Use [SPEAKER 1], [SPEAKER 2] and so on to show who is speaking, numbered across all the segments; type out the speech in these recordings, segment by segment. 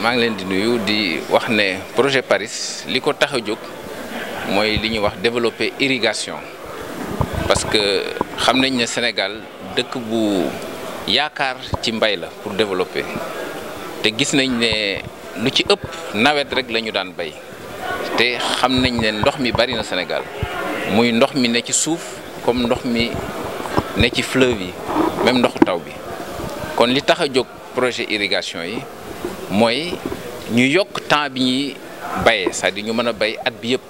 [SPEAKER 1] maa ngi leen di nuyu di wax ne projet Paris li ko tax a jóg mooy li ñu wax développer irrigation parce que xam nañ ne Sénégal dëkk bu yaakaar ci mbay la pour développer te gis nañ ne lu ci ëpp nawet rek la ñu daan bay te xam nañ ne ndox mi bari na Sénégal muy ndox mi ne ci suuf comme ndox mi ne ci fleuve yi même ndoxu taw bi kon li tax a jóg projet irrigation yi mooy ñu yokk temps bi ñuy bayee cest à ñu mën a bay at bi yëpp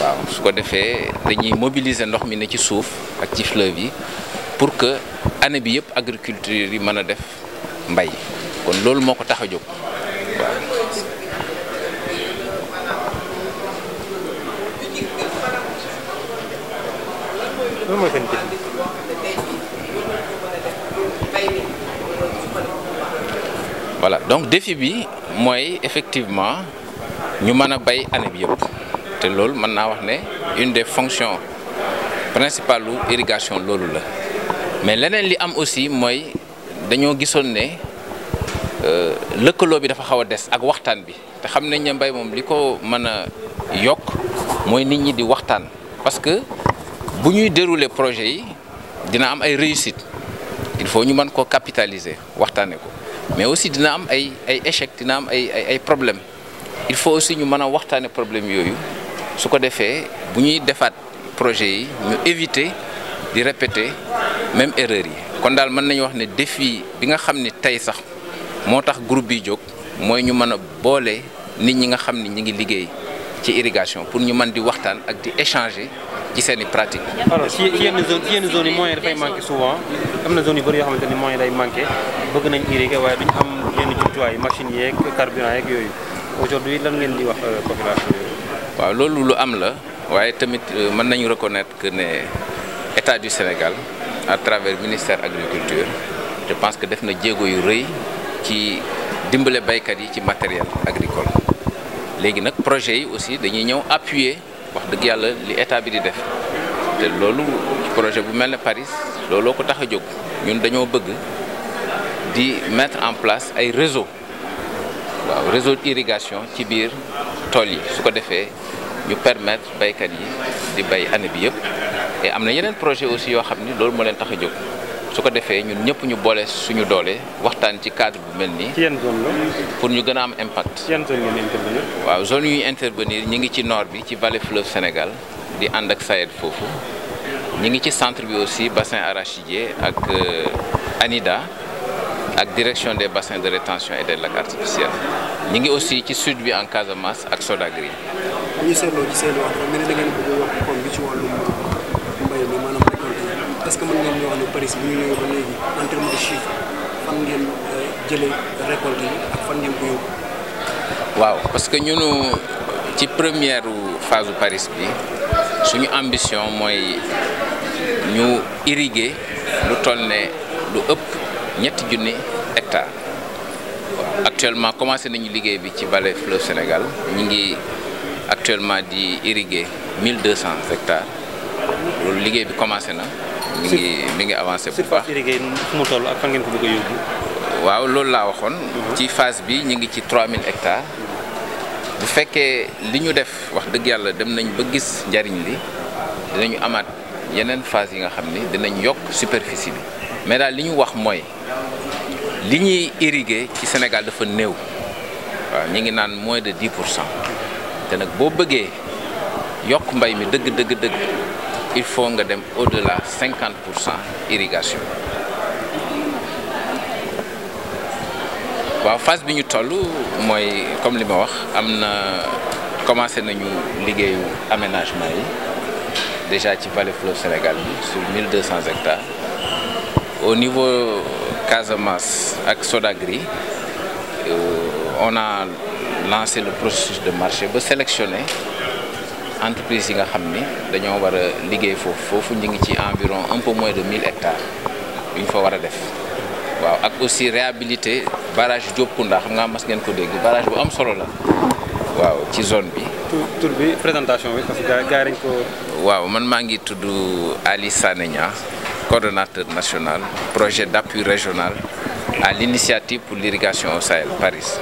[SPEAKER 1] waaw su ko defee dañuy mobiliser ndox mi ne ci suuf ak ci fleuve yi pour que année bi yëpp agriculture yi mën a def mbay kon loolu moo ko tax a jóg waaw voilà donc défi bi mooy effectivement ñu mën a bay année bi yëpp te loolu mën naa wax ne une des fonctions principales lu irrigation loolu la mais leneen li am aussi mooy dañoo gisoon ne euh, lëkkaloo bi dafa xaw a des ak waxtaan bi te xam nañ ne mbay moom li ko mën a yokk mooy nit ñi di waxtaan parce que bu ñuy dérouler projet yi dina am ay réussite il faut ñu mën ko capitaliser waxtaanee ko. mais aussi dina am ay ay échec dina am ay ay ay problème il faut aussi ñu mën a waxtaane problème yooyu su ko defee bu ñuy defaat projet yi ñu éviter di répéter même erreur yi kon daal mën nañu wax ne défi bi nga xam ne tey sax moo tax groupe bi jóg mooy ñu mën a boole nit ñi nga xam ni ñi ngi liggéey ci irrigation pour ñu mën di waxtaan ak di échanger ci seen i pratique. alors ci yenn zone ci yenn zone yi moyen dafay manqué souvent am na zone yu bëri yoo xamante ni moyen day manqué bëgg nañ irriguer waaye duñ am yenn jumtuwaay machines yeeg carburant yeeg yooyu aujourd'hui lan ngeen di wax euh, population yooyu. waaw loolu lu am la waaye tamit euh, mën nañu reconnaître que ne état du Sénégal à travers ministère agriculture je pense que def na jéego yu rëy ci dimbale baykat yi ci matériel agricole léegi nag projet wax dëgg yàlla li état bi di def te loolu projet bu mel ne Paris looloo ko tax a jóg ñun dañoo bëgg di mettre en place ay réseau waaw réseau irrigation ci biir tool yi su ko defee ñu permettre baykat yi di bay année bi yëpp et am na yeneen projet aussi yoo xam ni loolu moo leen tax a jóg su ko defee ñun ñëpp ñu boole suñu doole waxtaan ci cadre bu mel nii. ci yan pour ñu gën a am impact. ci waaw zone yu intervenir ñi ngi ci noor bi ci vallée fleuve Sénégal di ànd ak SAED foofu ñi ngi ci centre bi aussi bassin arachidier ak euh, ANIDA ak direction des bassin de rétention et des lacs artificiels ñi ngi aussi ci sud bi en Casamance ak Sodagri. ñu est-ce que mën ngeen ñu wax euh, parce que ñunu ci première phase u Paris bi suñu ambition mooy ñu irriguer lu toll ne lu ëpp ñetti junni hectare actuellement commencé nañu liggéey bi ci vallée fleuve Sénégal ñu ngi actuellement di irriguer 1200 hectares loolu liggéey bi commencé na. mi ngi mi ngi avancé bu baax fu mu toll ak fan ngeen ko bëgg a yóbbu waaw loolu laa waxoon mhm. ci phase bi ñu ngi ci trois 3000 hectares bu fekkee li ñu def wax dëgg yàlla dem nañ ba gis njariñ li dinañu amaat yeneen phase yi nga xam ni dinañ yokk superficie bi mais daal li ñu wax mooy li ñuy irriguer ci Sénégal dafa néew waaw ñu ngi naan moins de 10 pour cent te nag boo bëggee yokk mbay mi dëgg dëgg dëgg il faut nga dem au-delà cinquante pour cent irrigation waaw fas bi ñu toll mooy comme li ma wax am na commencé nañu liggéeyu aménagement yi déjà ci vallée fleuve Sénégal bi sur 1200 hectares au niveau Casamance ak Sodagri euh, on a lancé le processus de marché ba sélectionner entreprise yi nga xam ni dañoo war a liggéey foofu foofu ñu ngi ci environ un peu moins de 1000 hectares yu ñu fa war a def waaw ak aussi réhabiliter barrage Diopkounda xam nga mas ngeen ko dégg barrage bu am solo la waaw ci zone bi. tur bi présentation bi parce que ko. waaw man maa ngi tudd Ali Sané Niang national projet d' appui régional à linitiative pour l' irrigation Sahel Paris.